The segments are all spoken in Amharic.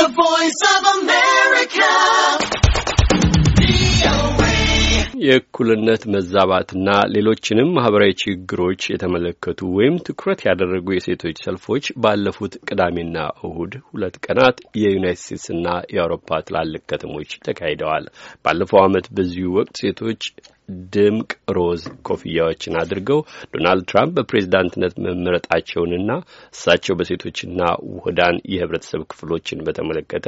The Voice of America. የእኩልነት መዛባትና ሌሎችንም ማህበራዊ ችግሮች የተመለከቱ ወይም ትኩረት ያደረጉ የሴቶች ሰልፎች ባለፉት ቅዳሜና እሁድ ሁለት ቀናት የዩናይት ስቴትስና የአውሮፓ ትላልቅ ከተሞች ተካሂደዋል። ባለፈው ዓመት በዚሁ ወቅት ሴቶች ድምቅ ሮዝ ኮፍያዎችን አድርገው ዶናልድ ትራምፕ በፕሬዝዳንትነት መመረጣቸውንና እሳቸው በሴቶችና ውህዳን የህብረተሰብ ክፍሎችን በተመለከተ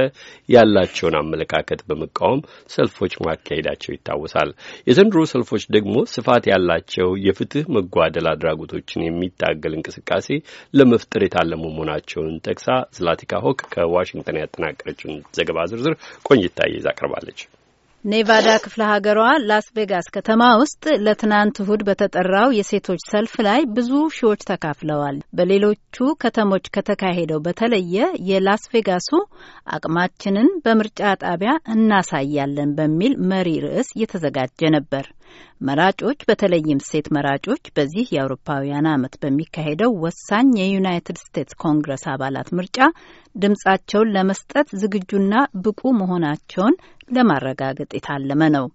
ያላቸውን አመለካከት በመቃወም ሰልፎች ማካሄዳቸው ይታወሳል። የዘንድሮ ሰልፎች ደግሞ ስፋት ያላቸው የፍትህ መጓደል አድራጎቶችን የሚታገል እንቅስቃሴ ለመፍጠር የታለሙ መሆናቸውን ጠቅሳ ዝላቲካ ሆክ ከዋሽንግተን ያጠናቀረችውን ዘገባ ዝርዝር ቆንጅታ ይዛ ቀርባለች። ኔቫዳ ክፍለ ሀገሯ ላስ ቬጋስ ከተማ ውስጥ ለትናንት እሁድ በተጠራው የሴቶች ሰልፍ ላይ ብዙ ሺዎች ተካፍለዋል። በሌሎቹ ከተሞች ከተካሄደው በተለየ የላስ ቬጋሱ አቅማችንን በምርጫ ጣቢያ እናሳያለን በሚል መሪ ርዕስ እየተዘጋጀ ነበር። መራጮች በተለይም ሴት መራጮች በዚህ የአውሮፓውያን ዓመት በሚካሄደው ወሳኝ የዩናይትድ ስቴትስ ኮንግረስ አባላት ምርጫ ድምጻቸውን ለመስጠት ዝግጁና ብቁ መሆናቸውን ለማረጋገጥ የታለመ ነው።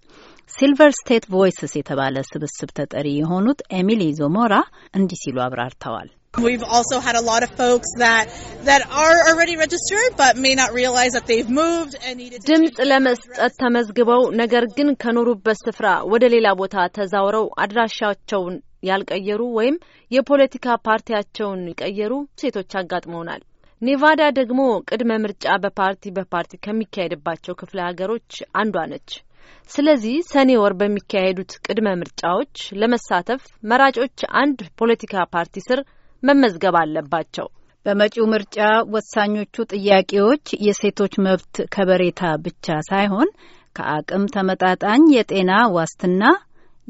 ሲልቨር ስቴት ቮይስስ የተባለ ስብስብ ተጠሪ የሆኑት ኤሚሊ ዞሞራ እንዲህ ሲሉ አብራርተዋል። We've also had a lot of folks that that are already registered but may not realize that they've moved and needed to ድምጽ ለመስጠት ተመዝግበው ነገር ግን ከኖሩበት ስፍራ ወደ ሌላ ቦታ ተዛውረው አድራሻቸውን ያልቀየሩ ወይም የፖለቲካ ፓርቲያቸውን ቀየሩ ሴቶች አጋጥመውናል። ኔቫዳ ደግሞ ቅድመ ምርጫ በፓርቲ በፓርቲ ከሚካሄድባቸው ክፍለ ሀገሮች አንዷ ነች። ስለዚህ ሰኔ ወር በሚካሄዱት ቅድመ ምርጫዎች ለመሳተፍ መራጮች አንድ ፖለቲካ ፓርቲ ስር መመዝገብ አለባቸው። በመጪው ምርጫ ወሳኞቹ ጥያቄዎች የሴቶች መብት ከበሬታ ብቻ ሳይሆን ከአቅም ተመጣጣኝ የጤና ዋስትና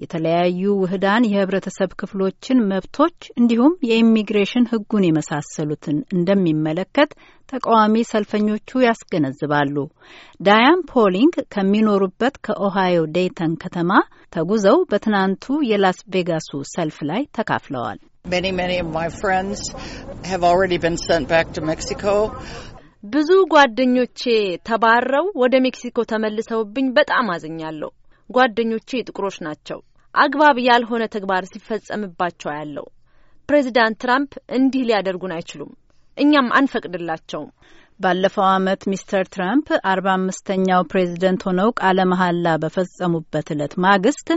የተለያዩ ውህዳን የህብረተሰብ ክፍሎችን መብቶች እንዲሁም የኢሚግሬሽን ህጉን የመሳሰሉትን እንደሚመለከት ተቃዋሚ ሰልፈኞቹ ያስገነዝባሉ። ዳያን ፖሊንግ ከሚኖሩበት ከኦሃዮ ዴይተን ከተማ ተጉዘው በትናንቱ የላስ ቬጋሱ ሰልፍ ላይ ተካፍለዋል። ብዙ ጓደኞቼ ተባረው ወደ ሜክሲኮ ተመልሰውብኝ በጣም አዝኛለሁ። ጓደኞቼ ጥቁሮች ናቸው። አግባብ ያልሆነ ተግባር ሲፈጸምባቸው ያለው ፕሬዚዳንት ትራምፕ እንዲህ ሊያደርጉን አይችሉም፣ እኛም አንፈቅድላቸውም። ባለፈው ዓመት ሚስተር ትራምፕ አርባ አምስተኛው ፕሬዝደንት ሆነው ቃለ መሐላ በፈጸሙበት ዕለት ማግስት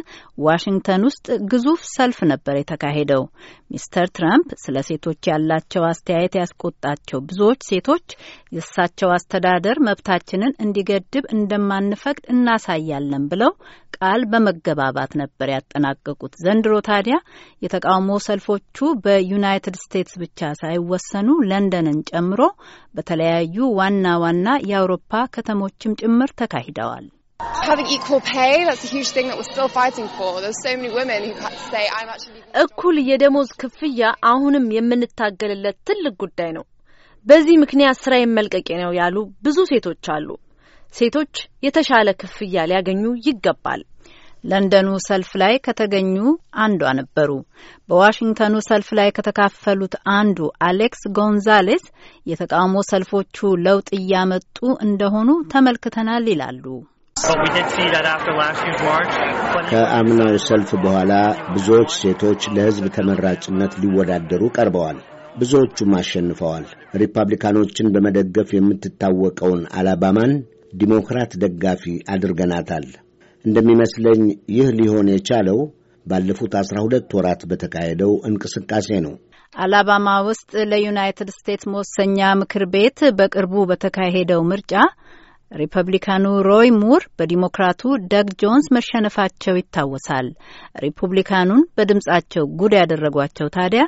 ዋሽንግተን ውስጥ ግዙፍ ሰልፍ ነበር የተካሄደው። ሚስተር ትራምፕ ስለ ሴቶች ያላቸው አስተያየት ያስቆጣቸው ብዙዎች ሴቶች የእሳቸው አስተዳደር መብታችንን እንዲገድብ እንደማንፈቅድ እናሳያለን ብለው ቃል በመገባባት ነበር ያጠናቀቁት። ዘንድሮ ታዲያ የተቃውሞ ሰልፎቹ በዩናይትድ ስቴትስ ብቻ ሳይወሰኑ ለንደንን ጨምሮ በተለያዩ በተለያዩ ዋና ዋና የአውሮፓ ከተሞችም ጭምር ተካሂደዋል። እኩል የደሞዝ ክፍያ አሁንም የምንታገልለት ትልቅ ጉዳይ ነው። በዚህ ምክንያት ስራ የመልቀቄ ነው ያሉ ብዙ ሴቶች አሉ። ሴቶች የተሻለ ክፍያ ሊያገኙ ይገባል። ለንደኑ ሰልፍ ላይ ከተገኙ አንዷ ነበሩ። በዋሽንግተኑ ሰልፍ ላይ ከተካፈሉት አንዱ አሌክስ ጎንዛሌስ የተቃውሞ ሰልፎቹ ለውጥ እያመጡ እንደሆኑ ተመልክተናል ይላሉ። ከአምናው ሰልፍ በኋላ ብዙዎች ሴቶች ለሕዝብ ተመራጭነት ሊወዳደሩ ቀርበዋል። ብዙዎቹም አሸንፈዋል። ሪፐብሊካኖችን በመደገፍ የምትታወቀውን አላባማን ዲሞክራት ደጋፊ አድርገናታል። እንደሚመስለኝ ይህ ሊሆን የቻለው ባለፉት አስራ ሁለት ወራት በተካሄደው እንቅስቃሴ ነው። አላባማ ውስጥ ለዩናይትድ ስቴትስ መወሰኛ ምክር ቤት በቅርቡ በተካሄደው ምርጫ ሪፐብሊካኑ ሮይ ሙር በዲሞክራቱ ደግ ጆንስ መሸነፋቸው ይታወሳል። ሪፑብሊካኑን በድምጻቸው ጉድ ያደረጓቸው ታዲያ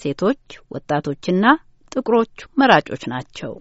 ሴቶች፣ ወጣቶችና ጥቁሮች መራጮች ናቸው።